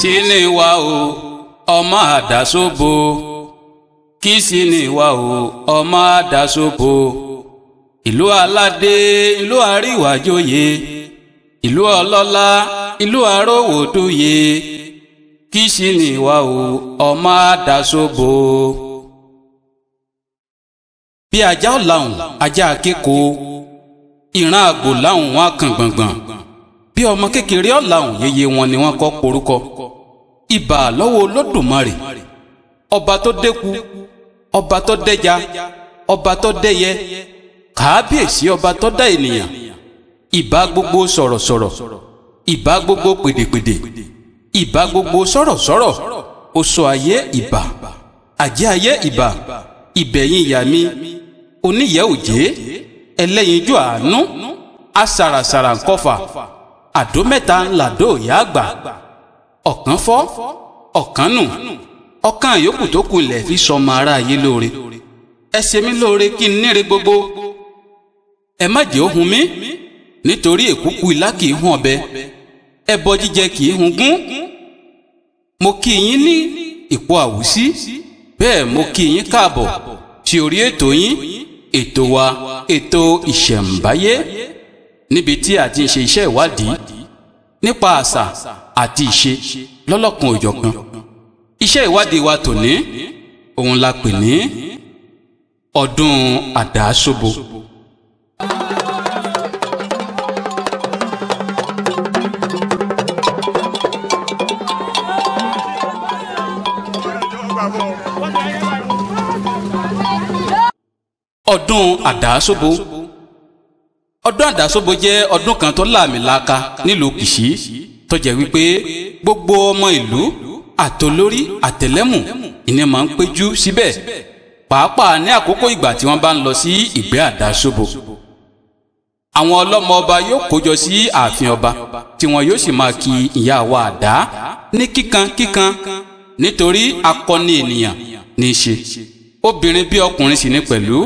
sí ni wa o ọmọ àdásóbo kí sí ni wa o ọmọ àdásóbo ìlú aládé ìlú àríwájóye ìlú ọlọ́lá ìlú àròwòdóye kí sí ni wa o ọmọ àdásóbo. bí ajá ọ̀làhùn ajá akẹ́kọ̀ọ́ ìran àgbò láwọn wọn kàn gbọ̀ngbọ̀n bí ọmọ kékeré ọ̀làhùn yeye wọn ni wọ́n kọ́ porúkọ ìbà lọ́wọ́ olódùmarè ọba tó dẹ́ku ọba tó dẹ́ja ọba tó dẹ́yẹ kàábíyèsí ọba tó dá ènìyàn ìbà gbogbo sọ̀rọ̀sọ̀rọ̀ ìbà gbogbo pèdèpèdè ìbà gbogbo sọ̀rọ̀sọ̀rọ̀ oṣù ayé ìbà àjẹ́ ayé ìbà ìbẹ̀yìn ìyá mi oníyẹ̀ òjé ẹlẹ́yinjú àánú asàràsàrà ńkọ́fà àdó mẹ́ta ńlá dó ìyá àgbà ọ̀kan fọ́ ọ̀kan nù ọ̀kan àyókù tó kù lẹ̀ fi sọmọ ara yìí lóore ẹ ṣe mí lóore kí n níre gbogbo ẹ má jẹ́ ohun mi nítorí èkúkú ilá kì í hun ọ̀bẹ ẹbọ jíjẹ kì í hun gún mo kí yín ní ìpò àwùsí bẹ́ẹ̀ mo kí yín káàbọ̀ sí orí ètò yín ètò wa ètò ìṣẹ̀ǹbáyé níbi tí a ti ń ṣe iṣẹ́ ìwádìí nípa àṣà àti ìṣe lọ́lọ́kan òjọ̀kan iṣẹ́ ìwádìí wa tòní òun la pè ní ọdún àdáṣobo. ọdún àdáṣobo ọdún àdáṣobo jẹ́ ọdún kan tó láàmìlaka nílùú Kìṣí tó jẹ́ wípé gbogbo ọmọ ìlú àtolórí àtẹlẹ́mù ìní máa ń péjú síbẹ̀ pàápàá ní àkókò ìgbà tí wọ́n bá ń lọ sí ìgbé àdáṣobo àwọn ọlọ́mọ ọba yóò kójọ sí ààfin ọba tí wọn yóò sì máa kí ìyá wa àdá ní kíkan kíkan nítorí akọni ènìyàn ní í ṣe obìnrin bí ọkùnrin sì ní pẹ̀lú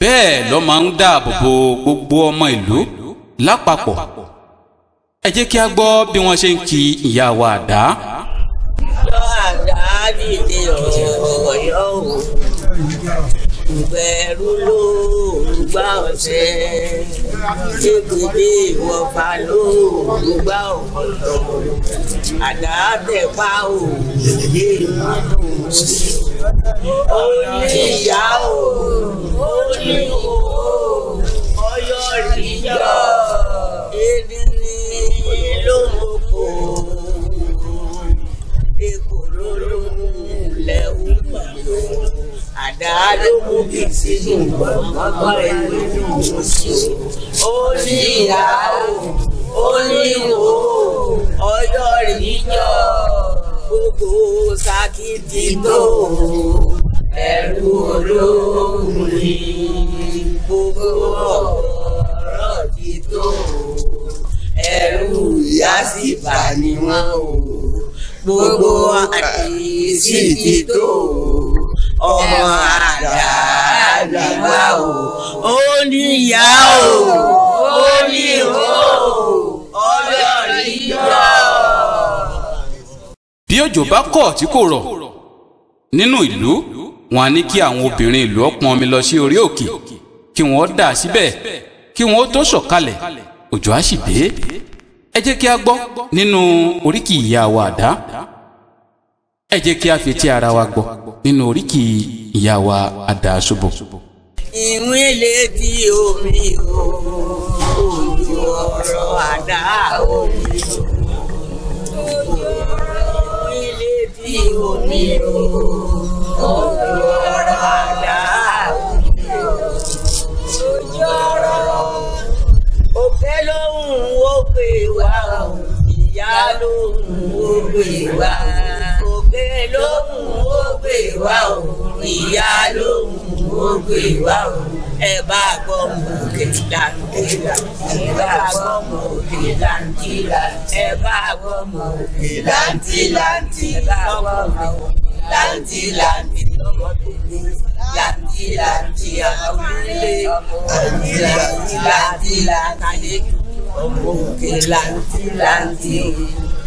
bẹ́ẹ̀ ló máa ń dáàbò bo gbogbo ọmọ ìlú lápapọ̀ ẹ jẹ́ kí a gbọ́ bí wọ́n ṣe ń kí ìyá wa àdá. lọ àdá dìde ọ̀yọ́ o ìbẹ̀rù ló ń gbà ọ̀sẹ̀ ṣègbèdè ìwọ̀fà ló ń gbà ọ̀pọ̀lọ́ àdá tẹ̀pá ò lè dùn ó ní ìyá ẹ̀dá ló mú kí sínú gbọ̀ngàn ìwé dùn ó sí o. ó ní ìyá o ó ní ìwò ọjọ́ rẹ̀ níjọ́ gbogbo sakitito ẹ̀rù olóògùn ni gbogbo ọ̀rọ̀ títò ẹ̀rù ìyá sì bà ní wọn o gbogbo àti sí títò ọmọ àdàdà wa o ó ní ìyá o ó ní o ọjọ́ ìyọ. bí òjò bá kọ̀ tí kò rọ̀ nínú ìlú wọn á ní kí àwọn obìnrin ìlú ọpọn omi lọ sí orí òkè kí wọ́n dà síbẹ̀ kí wọ́n tó sọ̀kalẹ̀ òjò á sì dé ẹ jẹ́ kí a gbọ́ nínú oríkì ìyá wa àdá ẹ jẹ́ kí a fetí ara wa gbọ́ nínú oríkì ìyá wa àdàṣubù. ìwé létí omi o ojú ọ̀rọ̀ àdá omi o ìwé létí omi o ojú ọ̀rọ̀ àdá omi o ojú ọ̀rọ̀ òkè lóhùn ó pè wá ìyá lóhùn ó pè wá rere lóhùn ó gbé wá o ìyá lóhùn ó gbé wá òun ẹ bá gbọ́mọ òkè làǹkìlà ẹ bá gbọ́mọ òkè làǹkìlà ẹ bá gbọ́mọ òkè làǹtìlàǹtì ẹ bá gbọ́mọ òkè làǹtìlàǹtì lọ́mọ tó ní làǹtìlàǹtì ọmọ ọmọ òkè làǹtìlàǹtì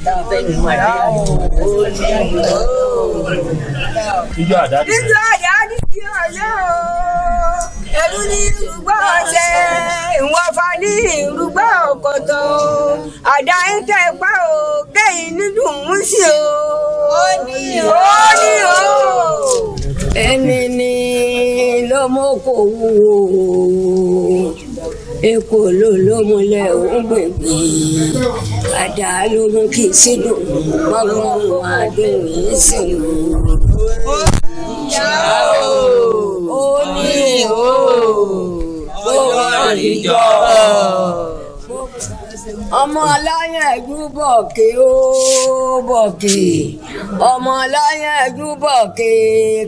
Thank ní irúgbọ́ ọ̀sẹ̀, ìwọ̀n fa ní irúgbọ́ ọ̀kọ̀tọ̀. Àdá ń tẹ̀ pa o, kẹ́yìn nínú mú sí o. Ó ní o. Ó ní o. Èmi ni lọ́mọ kò wúwo epo ló ló múlẹ̀ ó gbègbè àdá ló mú kí n sí dùn gbọ́ngàn òun àdéhùn yìí sì lò ó. ìyá o ó ní o gbogbo ìjọ. ọmọ aláyàn ẹ̀jú bọ̀kì ó bọ̀kì ọmọ aláyàn ẹ̀jú bọ̀kì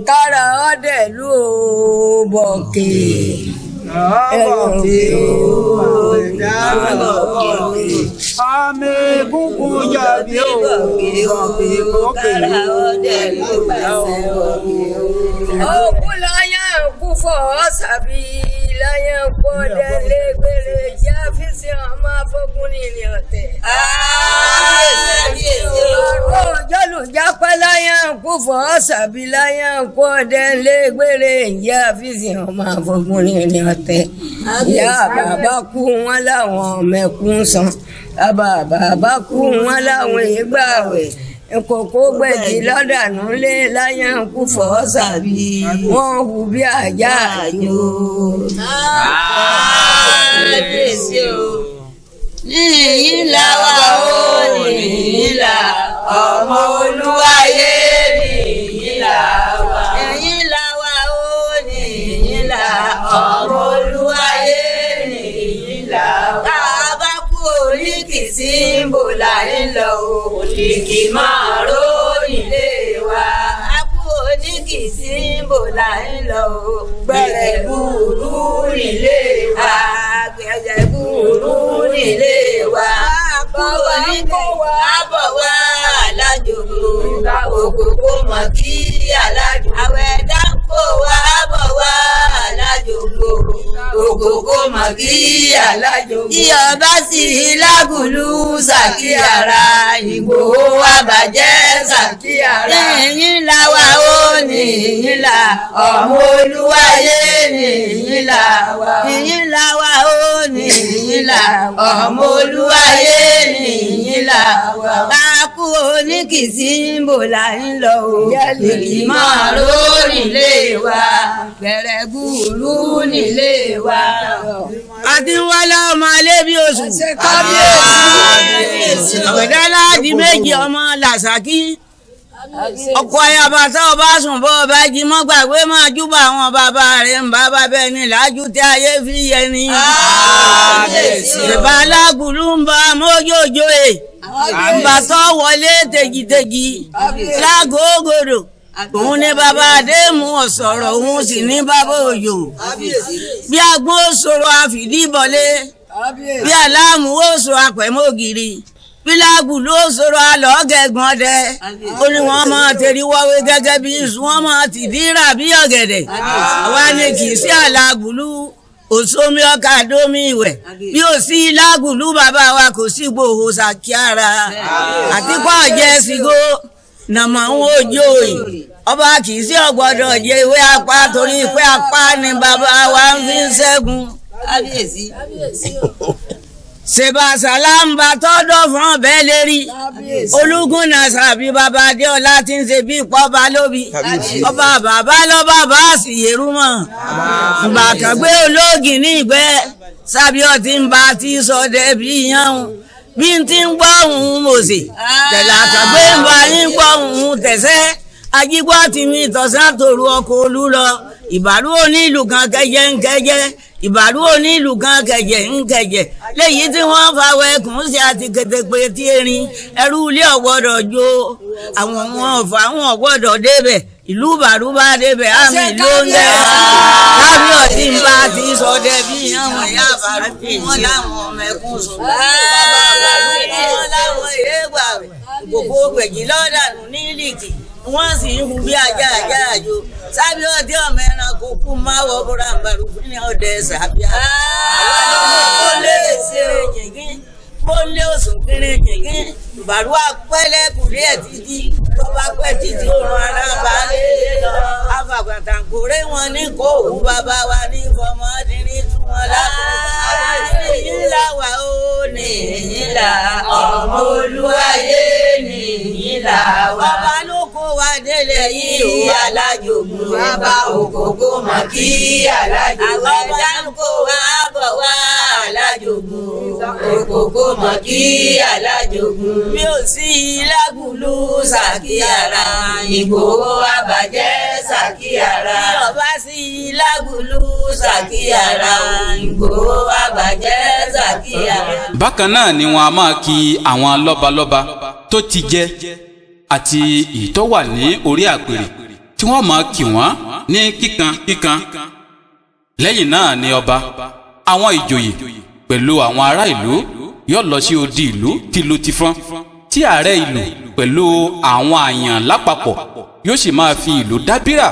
kára ọ̀dẹ̀ ló bọ̀kì ọ̀bọ̀tì ọ̀bọ̀tì àmì egungun jàbí òkè òkè òkè òkè òkè òkè òkè òkè òkè òkè òkè òkè òkè òkè òkè òkè kú fọ́ sàbí láyé gbọ́dẹ̀ lẹ́gbẹ̀rẹ̀ yá fífi ọmọ afọ́kùn nìyí ọ̀tẹ̀. ọ̀rọ̀ jálùjápá láyé kú fọ́ sàbí láyé gbọ́dẹ̀ lẹ́gbẹ̀rẹ̀ yá fífi ọmọ afọ́kùn nìyí ọ̀tẹ̀. ìyá bàbá kú wọn láwọn mẹ̀kún san bàbá bàbá kú wọn láwọn ìgbà wẹ̀ kòkó gbẹ̀jì lọ́dànù lé láyàn kú fọ́ sàbí wọ́n hù bí àjá àjò. kábíyèsí o níyì làwà ó níyì là ọmọ olúwayé níyì là. tí ń bò láì lọ òdìkì máa ròyìn lé wa. a kú òdìkì tí ń bò láì lọ gbẹ̀rẹ̀ gbùrú nílé wa. gbẹ̀rẹ̀ gbùrú nílé wa. kú òdìkì àbọ̀ wá alájò gbòòrò òkòkò mọ̀ kí alájò. àwẹ̀ dáko wa àbọ̀ wá alájò gbòòrò òkòkò mọ̀ kí alájò. Iyọ̀ bá sì rí lágùlù ṣàkíyàrá, Ìgbòho wa bàjẹ́ ṣàkíyàrá. Yìnyín la wa ó ní yìnyín la, ọmọ olúwayé ní yìnyín la wa. Yìnyín la wa ó ní yìnyín la, ọmọ olúwayé ní yìnyín la wa. Bákú oníkìsí ń bò là ń lọ o, ìgbìmọ̀ lórí ilé wa, gbẹ̀rẹ̀gùrú nílé wa. Adéwálá ọmọ Alébí Oṣù. Kábíyèsí. di méjì ọmọ Làṣàkí. Ọkọ ayaba tá o bá sùn bọ́ ọba jí mọ́ gbàgbé máa júbà àwọn bàbá rẹ̀ ń bàbá bẹ́ẹ̀ ni làájú tí ayé fi yẹ ni. Ìbá alágùlù ń bá mójójó e. Ìbátọ́ wọlé tèjìtèjì. Lágòógòdò òun ní bàbá adéhùn ọ̀sọ̀rọ̀ òun sì ní bàbá òjò bí agbọ́n ó sọ̀rọ̀ àfìdíbọlé bí aláàmù ó sọ̀rọ̀ àpẹ̀mọ́gìrì bíláàgù ló sọ̀rọ̀ àlọ́ gẹ̀gbọ́n dẹ ó ní wọ́n máa tẹ̀rí wọ́wé gẹ́gẹ́ bí iṣu wọ́n máa tì dírà bí ọ̀gẹ̀dẹ̀ àwa ni kì í sí àlàgùlù òsomi ọkà domi ìwẹ̀ bí ó sí lágùlù bàbá wa kò sí gbòòhò sàkíára àtikọ́ ọ̀jẹ̀ sígó nàmọ àwọn òjò yìí ọba kì í sí ọgbọdọ jẹ ìwé apá torí ìpè apá ni bàbá wa ń fi ń ṣẹ́gun kábíyèsí. sèbàṣàlàmbà tọdọ fún ọbẹ lérí ológun náà sàbí bàbá adéọlá ti ń ṣe bí ìpọba lóbi ọba bàbá lọba bá sì yẹrù mọ bàkàgbé olóògì ní ìgbẹ sábíọ ń ba ti sọdẹ bí yẹn bí n ti ń gbọ́ ohun mòsè tẹ̀lé àtàgbé ń bá yín gbọ́ ohun tẹ̀sẹ́ ajígbọ́ mi tọ̀sán tòru ọkọ̀ olú lọ ìbàlú onílù kan kẹjẹ ń kẹjẹ ìbàlú onílù kan kẹjẹ ń kẹjẹ léyìí tí wọ́n fa erin ẹrú ilé ọ̀gbọ́dọ̀ jó àwọn ìlú bàrúbà débẹ̀ àmì ló ń dẹ́ kábíọ̀sì ń bá ti sọ dẹ́ àwọn ìyá àbárúkú wọn láwọn ọmọ ẹkún sùn bàbá àbárúkú wọn láwọn èègbà gbogbo gbèjì lọ́dàánú ní lìkì wọ́n sì ń hu bí ajá ajá àjò sábẹ́ ọdẹ ọmọ ẹranko kú máa wọ bọ́ra àbárúkú ní ọdẹ sàbíà ó ah! lè ṣe jìngín ó lé òsùn jìngín bàrú àpẹlẹ kùrí títí tó pẹ́ títí ó bàbá wa ní fọmọdínrín tún wọn lákòókò nìyí là wà ó nìyí là ọmọ olúwayé nìyí là wà. bàbá ló kó wa délé yìí alájò mú bàbá òkòkò mọ kí alájò mú. àwọn ọjà ń kó wa bọ̀ wá alájògùn òkòkò mọ̀ kí alájògùn. mi ò sí ilágùn ló ṣàkíyàrá ìgbòho àbàjẹ́ ṣàkíyàrá. bí ọba sí i lágùlù ṣàkíyàrá. Ìgbòho àbàjẹ́ ṣàkíyàrá. bákan náà ni wọn a máa kí àwọn lọ́balọ́ba tó ti jẹ àti ìtọ́ ní orí àpèrè tí wọ́n máa kí wọ́n ní kíkan kíkan lẹ́yìn náà ni ọba àwọn ìjòyè pẹ̀lú àwọn ará ìlú yóò lọ sí odi ìlú tìlù tìfọn tí ààrẹ ìlú pẹ̀lú àwọn àyàn lápapọ̀ yóò sì máa fi ìlú dábírà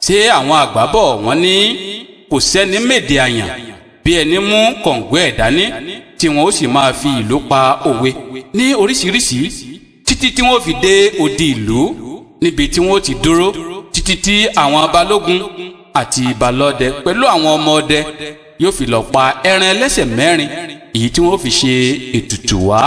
ṣé àwọn àgbà bọ̀ wọ́n ní kò sẹ́ni mèdè àyàn bí ẹni mú kọ̀ǹgbẹ́ ẹ̀ dání tí wọ́n ó sì máa fi ìlú pa òwe ní oríṣiríṣi títí tí wọ́n fi dé odi ìlú níbi tí wọ́n ti dúró títí tí àwọn balógun àti balọ́dẹ pẹ̀lú àwọn ọmọ ọdẹ yóò fi lọ pa ẹran ẹlẹ́sẹ̀ mẹ́rin èyí tí wọ́n fi ṣe ètùtù wá.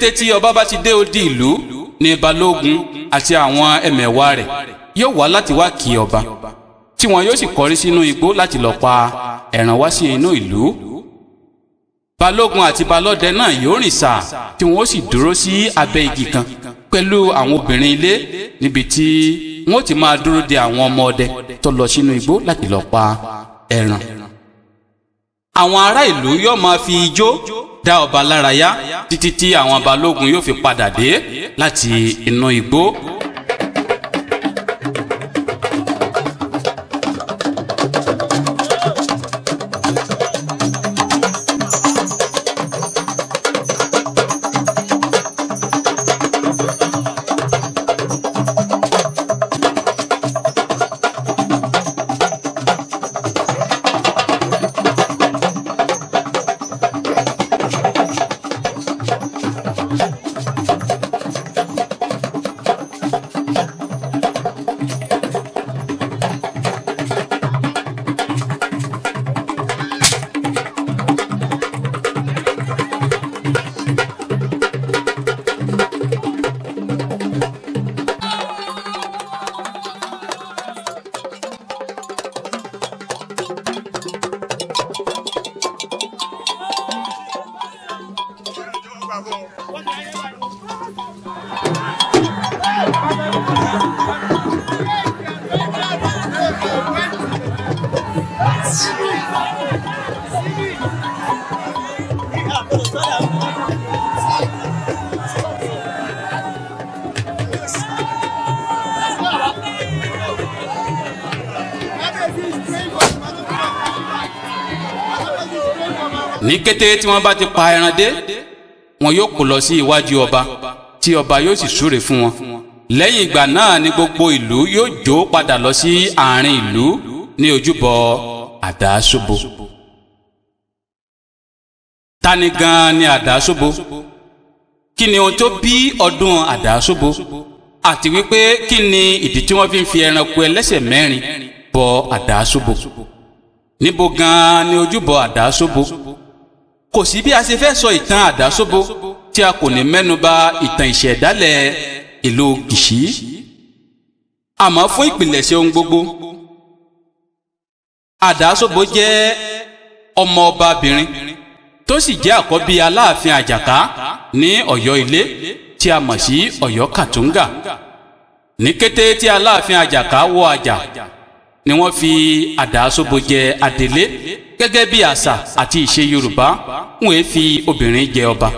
kété tí ọba bá ti dé odi ìlú ni balógun àti àwọn ẹmẹ̀wà rẹ̀ yóò wá láti wá kí ọba tí wọn yóò sì kọrí sínú igbó láti lọ pa ẹran wá sí inú ìlú balógun àti balọ́dẹ náà yóò rìn sáà tí wọn ó sì dúró sí abẹ́ igi kan pẹ̀lú àwọn obìnrin ilé níbi tí wọn ó ti máa dúró de àwọn ọmọ ọdẹ tó lọ sínú igbó láti lọ pa ẹran àwọn ará ìlú yóò máa fi ijó dá ọba lárayá títí tí àwọn balógun yóò fi padà dé láti inú igbó kété tí wọ́n bá ti pa ẹran dé wọn yóò kó lọ sí iwájú ọba tí ọba yóò sì súre fún wọn lẹ́yìn ìgbà náà ni gbogbo ìlú yóò jó padà lọ sí àárín ìlú ní ojúbọ àdásóbo. ta ni gan-an ni àdásóbo kí ni ohun tó bí ọdún àdásóbo àti wípé kí ni ìdí tí wọ́n fi ń fi ẹranko ẹlẹ́sẹ̀ mẹ́rin bọ àdásóbo níbo gan ni ojúbọ àdásóbo kò sí bí a ṣe fẹ́ sọ ìtàn àdáṣobo tí a kò ní mẹ́nuba ìtàn ìṣẹ̀dálẹ̀ ìlú Gìṣí àmọ́ fún ìpìlẹ̀ṣẹ̀ ohun gbogbo àdáṣobo jẹ́ ọmọ ọbabìnrin tó sì jẹ́ àkọ́bí aláàfin àjàká ní ọ̀yọ́ ilé tí a mọ̀ sí ọ̀yọ́ kàtúngà ní kété tí aláàfin àjàká wọ àjà ni wọ́n fi àdáṣobo jẹ adelé gẹ́gẹ́ bí àṣà àti ìṣe yorùbá wọn èé e fi obìnrin jẹ ọba.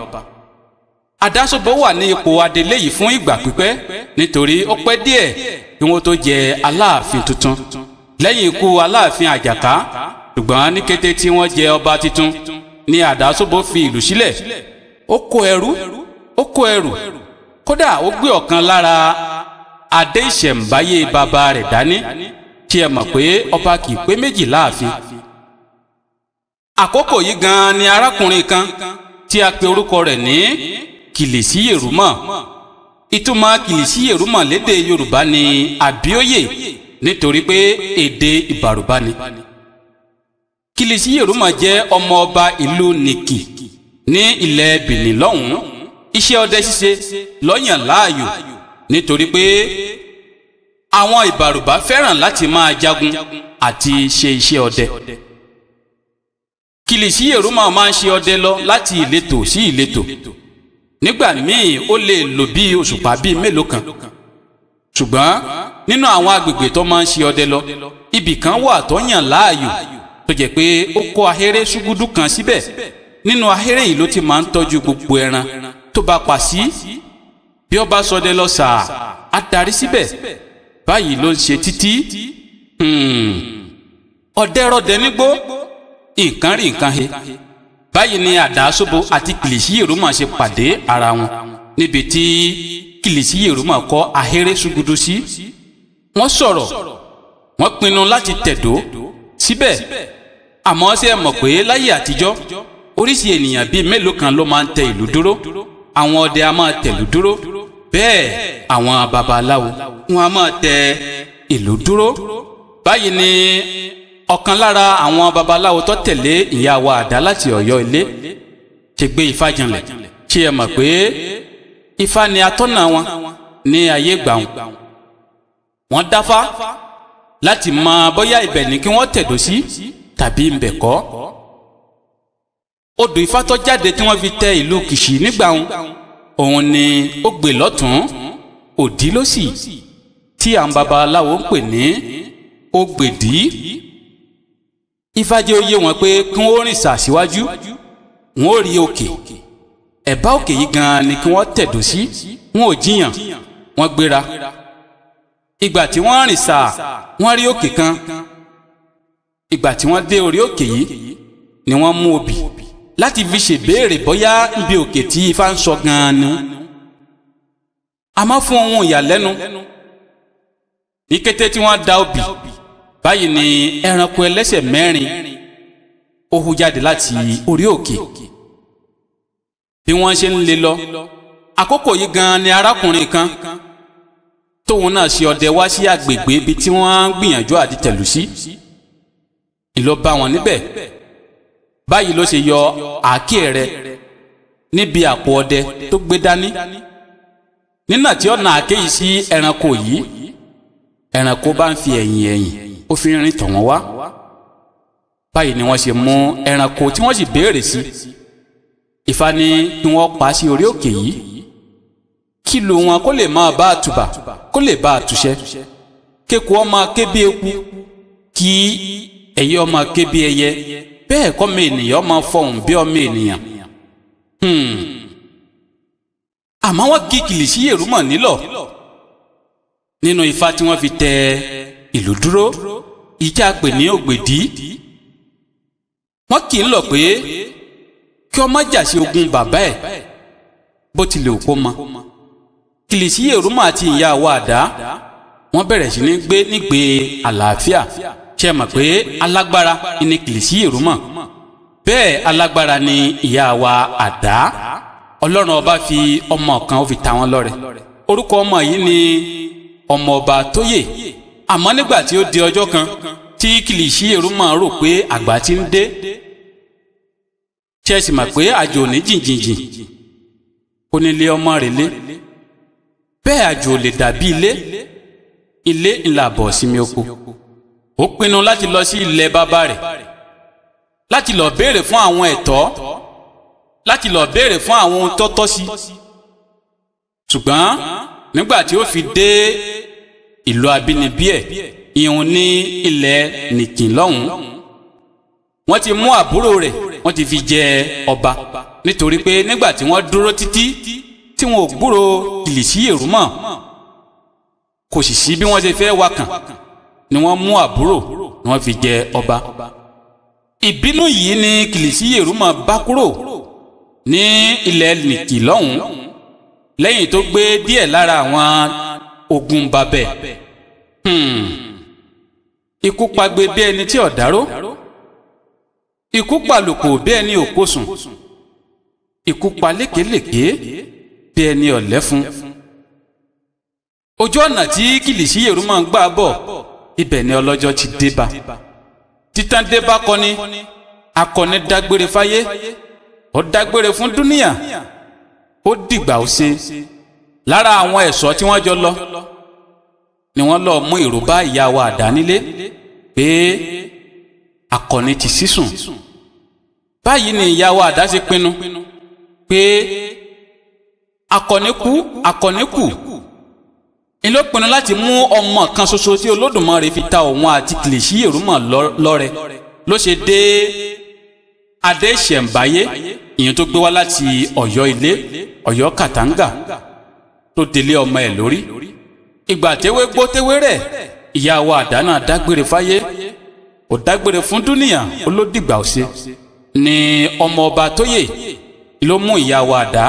àdásọ́bọ wà ní ipò adelé yìí fún ìgbà pípẹ́ nítorí ó pẹ́ díẹ̀ kí wọ́n tó jẹ aláàfin tuntun lẹ́yìn ikú aláàfin àjàká ṣùgbọ́n ní kété tí wọ́n jẹ ọba tuntun ni àdásọ́bọ fi ìlú sílẹ̀ ó kó ẹrú ó kó ẹrù kódà ó gbé ọ̀kan lára adé ìṣẹ̀ǹbáyé bàbá rẹ̀ dání kí ẹ mọ̀ pé ọba kì í pé méjì láàfin àkókò yìí gan-an ni arákùnrin kan tí a pe orúkọ rẹ̀ ní kìlìsí yèrúmọ̀ ìtumọ̀ kìlìsí yèrúmọ̀ lédè yorùbá ni àbíòye nítorí pé èdè ìbàrùbá ni. kìlìsí yèrúmọ̀ jẹ́ ọmọ ọba ìlú nìkì ní ilẹ̀ benin lọ́hùn-ún iṣẹ́ ọdẹ ṣíṣe lọ́yàn láàyò nítorí pé àwọn ìbàrùbá fẹ́ràn láti máa jagun àti ṣe iṣẹ́ ọdẹ kìlìsí Yeruma máa ń ṣe ọdẹ lọ láti ìletò sí ìletò nígbà míì ó lè lò bíi òṣùpá bíi mélòó kan ṣùgbọ́n nínú àwọn agbègbè tó máa ń ṣe ọdẹ lọ ibì kan wà tó yàn láàyò tó jẹ́ pé ó kọ́ ahéré ṣúgúdú kan síbẹ̀ nínú ahéré yìí ló ti máa ń tọ́jú gbogbo ẹran tó bá pa sí bí ó bá ṣọdẹ lọ sàá á darí síbẹ̀ báyìí ló ń ṣe títí hmm. ọdẹ rọdẹ nígbó nǹkan rí nǹkan he báyìí ni àdásóbo àti kìlìsì yèrúmọ̀ ṣe pàdé ara wọn níbi tí kìlìsì yèrúmọ̀ kọ́ ahéré ṣugudu sí wọ́n sọ̀rọ̀ wọ́n pinnu láti tẹ̀dó síbẹ̀ àmọ́ ṣe é mọ̀ pé láyé àtijọ́ oríṣi ènìyàn bíi mélòó kan ló máa ń tẹ ìlú dúró àwọn ọdẹ a máa tẹ̀lú dúró bẹ́ẹ̀ àwọn babaláwo wọn a máa tẹ ìlú dúró báyìí ni ọ̀kan lára àwọn babaláwo tó tẹ̀lé ìyá wa àdá láti ọ̀yọ́ ilé ti gbé ifá janlẹ̀ kí ẹ mọ̀ pé ifá ni atọ́nà wọn ní ayé gbà wọn. wọ́n dáfá láti mọ bóyá ibẹ̀ ni kí wọ́n tẹ̀dó sí tàbí ń bẹ̀ kọ́. odò ifá tó jáde tí wọ́n fi tẹ ìlú kìṣì nígbà òun ni ó gbè lọ́tún òdì lọ́sì tí àwọn babaláwo ń pè ní ògbèdì ifájẹ́ ó yé wọn pé kí wọ́n rìn sà síwájú wọn ò rí òkè ẹ̀bá òkè yìí gan-an ni kí wọ́n tẹ̀dó sí wọn ò jiyàn wọ́n gbéra ìgbà tí wọ́n rìn sà wọ́n rí òkè kan ìgbà tí wọ́n dé orí òkè yìí ni wọ́n mú obì láti fi ṣèbéèrè bóyá ibi òkè tí ifá ń sọ gan-an ni a máa fún ohun ìyàlẹ́nu ní kété tí wọ́n da obì báyìí ni ẹranko ẹlẹ́sẹ̀ mẹ́rin ó hu jáde láti orí òkè bí wọ́n ṣe ń lé lọ àkókò yìí gan-an ni arákùnrin kan tóun náà ṣe ọdẹ wá sí àgbègbè ibi tí wọ́n á ń gbìyànjú àdìtẹ̀lù sí ìlọ bá wọn níbẹ̀ báyìí ló ṣe yọ àáké rẹ̀ níbi àpò ọdẹ tó gbé dání nínà tí ọ̀nà àáké yìí sí ẹranko yìí ẹranko bá ń fi ẹ̀yìn ẹ̀yìn ó fi rìn tọ̀ wọ́n wá báyìí ni wọ́n ṣe mú ẹranko tí wọ́n sì béèrè sí Ifá ní kí wọ́n pa sí orí òkè yìí kí lu wọn kó lè máa bá àtùbà kó lè bá àtúnṣe kéku ọmọ ké bí eku kí ẹyẹ ọmọ ké bí ẹyẹ bẹ́ẹ̀ kọ́ mi ènìyàn ọmọ fọhùn bí ọmọ ènìyàn hmm. àmọ́ wọ́n kí kìlìṣí èrú mọ̀ nílọ̀ nínú Ifá tí wọ́n fi tẹ ìlú dúró ìjà pè ní ògbèdí wọ́n kì í lọ pé kí ọmọ jàṣe ogun bàbá ẹ̀ bó tilẹ̀ òkú mọ kìlìsí èrúmọ àti ìyàwó àdá wọ́n bẹ̀rẹ̀ sí ní gbé nígbé àlàáfíà ṣe mọ̀ pé alágbára ni kìlìsí èrúmọ bẹ́ẹ̀ alágbára ni ìyàwó àdá ọlọ́run ọba fi ọmọ kan ó fi ta wọ́n lọ́rẹ orúkọ ọmọ yìí ni ọmọ ọba tóyè àmọ́ nígbà tí ó di ọjọ́ kan tí kìlìṣí èrú máa rò pé àgbà ti ń dé ṣe é sì mà pé àjò ò ní jìnjìnjìn kò ní lé ọmọ rẹ̀ lé bẹ́ẹ̀ àjò ò lè dàbí ilé ilé ńlá bọ̀ sími oko ó pinnu láti lọ sí ilẹ̀ bàbá rẹ̀ láti lọ béèrè fún àwọn ẹ̀tọ́ láti lọ béèrè fún àwọn ohun tó sí ṣùgbọ́n nígbà tí ó fi dé ìlú abínibí ẹ̀ ìhun ní ilẹ̀ nìkìn lọ́hùn. wọ́n ti mú àbúrò rẹ̀ wọ́n ti fi jẹ ọba nítorí pé nígbà tí wọ́n dúró títí tí wọn ò gbúrò kìlìsí èrú mọ́ kò sì sí bí wọ́n ṣe fẹ́ wakàn ni wọ́n mú àbúrò ni wọ́n fi jẹ ọba. ìbínú yìí ni kìlìsí èrú bá kúrò ní ilẹ̀ nìkìn lọ́hùn lẹ́yìn tó gbé díẹ̀ lára àwọn ogun babẹ hmm. ikú pagbe bí ẹni tí ọ̀dáró ikú palùkò bí ẹni òkosùn ikú palékeléke bí ẹni ọ̀lẹ́fun ojú ọ̀nà tí kìlìṣí yèrú máa ń gbà bọ̀ ibẹ̀ ni ọlọ́jọ́ ti dé bá títàn dé bá kọ́ni akọni dágbére fáyé ó dágbére fún dúníyà ó dìgbà ó ṣe lára àwọn ẹ̀ṣọ́ tí wọ́n jọ lọ ni wọ́n lọ mú ìró bá ìyá wa àdánilé pé akọni ti sísùn báyìí ni ìyá wa àdá ṣe pinnu pé akọni kú akọni kú ìlú pinnu láti mú ọmọ kan ṣoṣo tí Olódùmarè fi ta òun àti kìlìṣí èrúmọ lọ́rẹ ló ṣe dé adé ìṣẹ̀ǹbáyé ìyẹn tó gbé wá láti Ọ̀yọ́ ilé Ọ̀yọ́ kàtàǹgà tó délé ọmọ ẹ̀ lórí ìgbà tẹ́wé gbọ́ tẹ́wé rẹ̀ ìyá wa àdánà dágbére fáyé ò dágbére fún dúníyà olódìgbà ọ̀sẹ̀ ni ọmọ ọba tóyè ló mú ìyá wa àdá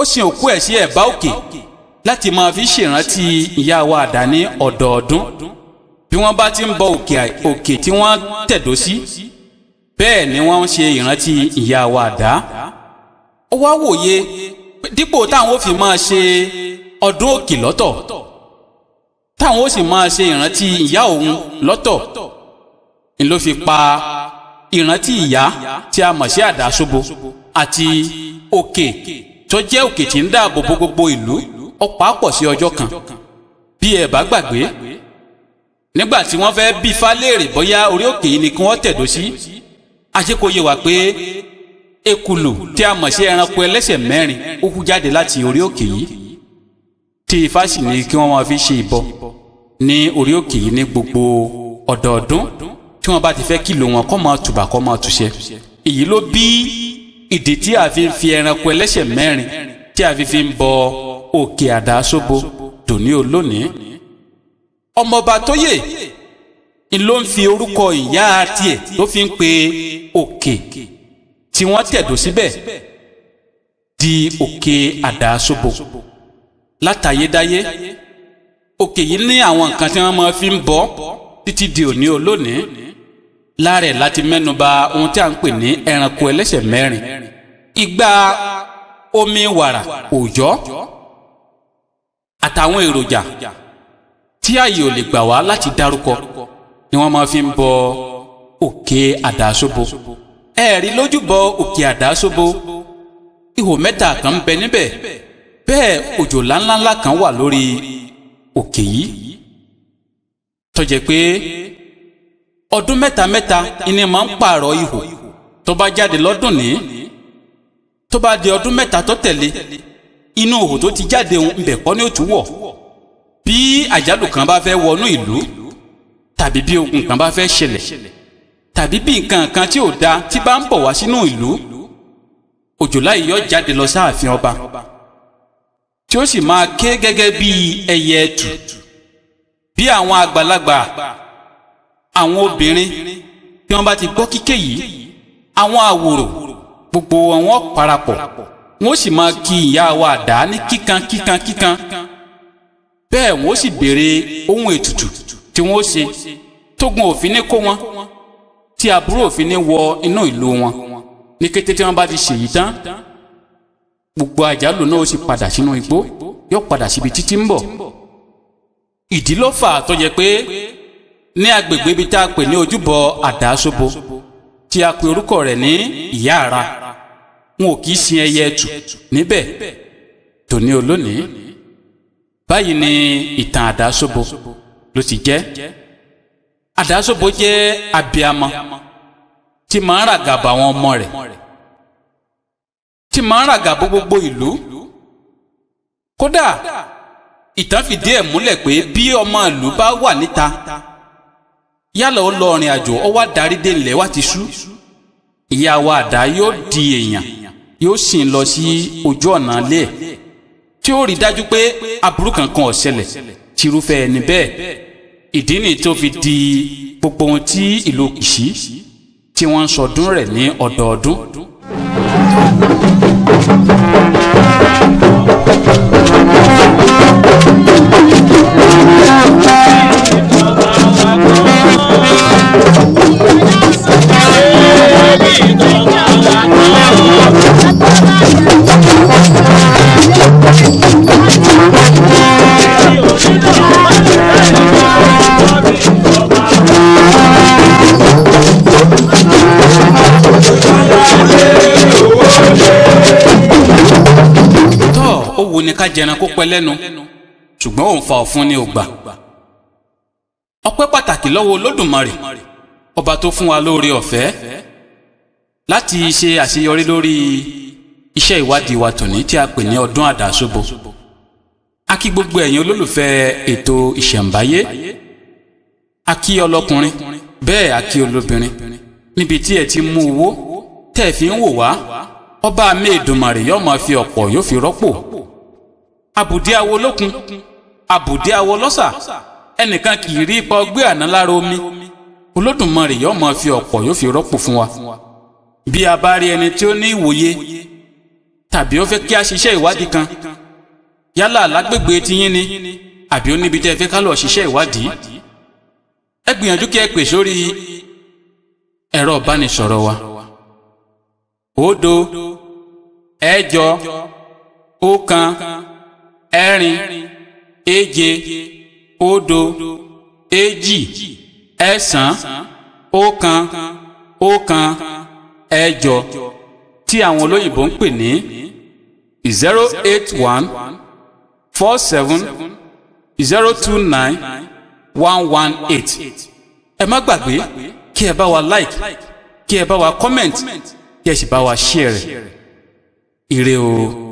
ó sin òkú ẹ̀ sí ẹ̀bá òkè láti máa fi ṣèrántí ìyá wa àdá ní ọ̀dọọdún bí wọ́n bá ti ń bọ òkè tí wọ́n tẹ̀dó sí bẹ́ẹ̀ ni wọ́n ń ṣe ìrántí ìyá àdá ó wá wòye dípò táwọn ó fi máa ṣe ọdún òkè lọ́tọ̀ táwọn ó sì máa ṣe ìrántí ìyá òun lọ́tọ̀ ń ló fi pa ìrántí ìyá tí a mọ̀ sí àdásóbo àti òkè tó jẹ́ òkè tí ń dáàbò bo gbogbo ìlú ọ̀pá pọ̀ sí ọjọ́ kan bí ẹ bá gbàgbé nígbà tí wọ́n fẹ́ bí falẹ́rè bóyá orí òkè yìí ni kí wọ́n tẹ̀dó sí àṣekòye wà pé ekulu tí a mọ̀ sí ẹranko ẹlẹ́sẹ̀ mẹ́rin ó kú jáde láti orí òkè yìí tí ifá sì ní kí wọ́n máa fi ṣe ìbọ ní orí òkè yìí ní gbogbo ọ̀dọ̀ọ̀dún tí wọ́n bá ti fẹ́ kìlò wọn kọ́ máa tùbà kọ́ máa túṣẹ èyí ló bí ìdí tí a fi ń fi ẹranko ẹlẹ́sẹ̀ mẹ́rin tí a fi fi ń bọ òkè àdáṣobo dòní olónìí ọmọọba tó yè ló ń fi orúkọ ìyá tiẹ̀ ló fi ń pe òkè. Okay tí wọ́n tẹ̀dó síbẹ̀ di òkè àdàsóbo látayédáyé òkè yìí ní àwọn nǹkan tí wọ́n máa fi ń bọ́ títí di òní olónìí lára ẹ̀ láti mẹ́nuba ohun tí a ń pè ní ẹranko ẹlẹ́sẹ̀ mẹ́rin igba omi wàrà òòjọ́ àtàwọn èròjà tí ààyè ò lè gbà wá láti dárúkọ ni wọ́n máa fi ń bọ òkè àdàsóbo. ẹ̀rí lójúbọ òkè àdáṣobo ihò mẹ́ta kan bẹ níbẹ̀ bẹ́ẹ̀ òjòlá ńláńlá kan wà lórí òkè yìí tó pé ọdún mẹ́ta mẹ́ta ni máa ń pààrọ̀ ihò tó bá jáde lọ́dún ní tó bá di ọdún mẹ́ta tó tẹ̀lé inú tó ti jáde kọ́ wọ̀ bí àjálù kan bá tàbí bí nǹkan kan tí ò dáa tí bá ń bọ̀ wá sínú ìlú òjòlá yìí yọ jáde lọ sáàfin ọba tí ó sì máa ké gẹ́gẹ́ bí ẹyẹ ẹtù bí àwọn àgbàlagbà àwọn obìnrin tí wọ́n bá ti gbọ́ kíké yìí àwọn àwòrò gbogbo wọn parapọ̀ wọn ó sì máa kí ìyá wa àdá ní kíkan kíkan kíkan bẹ́ẹ̀ wọn sì béèrè ohun ètùtù tí wọ́n ṣe tógun òfin ní kó wọn tí aburú òfin ní wọ inú ìlú wọn ní kété tí wọ́n bá ti ṣèyí tán gbogbo àjálù náà ó sì padà sínú igbó yóò padà síbi títí ń bọ̀ ìdí ló fà tó jẹ́ pé ní agbègbè ibi tá a pè ní ojúbọ àdáṣobo tí a pè orúkọ rẹ̀ ní ìyá ara wọn ò kì í sin ẹyẹ ẹtù níbẹ̀ tòní olónìí báyìí ni ìtàn àdáṣobo ló ti jẹ́ àdáṣobo jẹ́ abiamọ tí máa ń ràgàbà àwọn ọmọ rẹ̀ tí máa ń ràgàbà gbogbo ìlú kódà ìtàn fìdí ẹ̀ múlẹ̀ pé bí ọmọ ìlú bá wà níta yálà ó lọ rìn àjò ó wá darí dé ilẹ̀ wá ti sú ìyá wa àdá yóò di èèyàn yóò sì ń lọ sí ojú ọ̀nà lé ẹ̀ tí ó rí dájú pé aburú kankan ò tìrúfẹ́ ẹni bẹ́ẹ̀ ìdí ni tó fi di gbogbo ohun tí ìlú Kìṣí tí wọ́n ń sọdún rẹ̀ ní ọdọọdún. Yeah. tọ́ ó wù ní ká jẹran kó pẹ́ lẹ́nu ṣùgbọ́n òun fa ọ̀fun ní ògbà ọpẹ́ pàtàkì lọ́wọ́ olódùmarè ọba tó fún wa lóore ọ̀fẹ́ láti ṣe àṣeyọrí lórí iṣẹ́ ìwádìí wa tòní tí a pè ní ọdún àdàsóbo a kí gbogbo ẹ̀yin olólùfẹ́ ètò ìṣẹ̀ǹbáyé a kí ọlọ́kùnrin bẹ́ẹ̀ a kí olóbìnrin níbi tí ẹ ti mú owó tẹ́ fi ń wò wá ọba mi yóò máa fi ọ̀pọ̀ yóò fi rọ́pò àbùdí awo lókun àbùdí awo lọ́sà ẹnìkan kì í rí ipa ọgbẹ́ àná lára omi Olódùmarè yóò máa fi ọ̀pọ̀ yóò fi rọ́pò fún wa bí a bá rí ẹni tí ó ní ìwòye tàbí ó a ṣiṣẹ́ ìwádìí kan yálà lágbègbè tiyín ni àbí ó níbi tẹ́ ẹ fẹ́ ká lọ ṣiṣẹ́ ìwádìí ẹ gbìyànjú kí ẹ pè sórí ẹ̀rọ ìbánisọ̀rọ̀ wa Odo ẹ̀jọ ọ̀kan ẹ̀rin èje Odo èjì ẹ̀sán ọ̀kan ọ̀kan ẹ̀jọ tí àwọn olóyìnbó ń pè ní zero eight one four seven zero two nine one one eight ẹ má gbàgbé kí ẹ bá wa like kí ẹ bá wa comment. comment kí sì bá wa ṣí ẹ rẹ̀ ire o.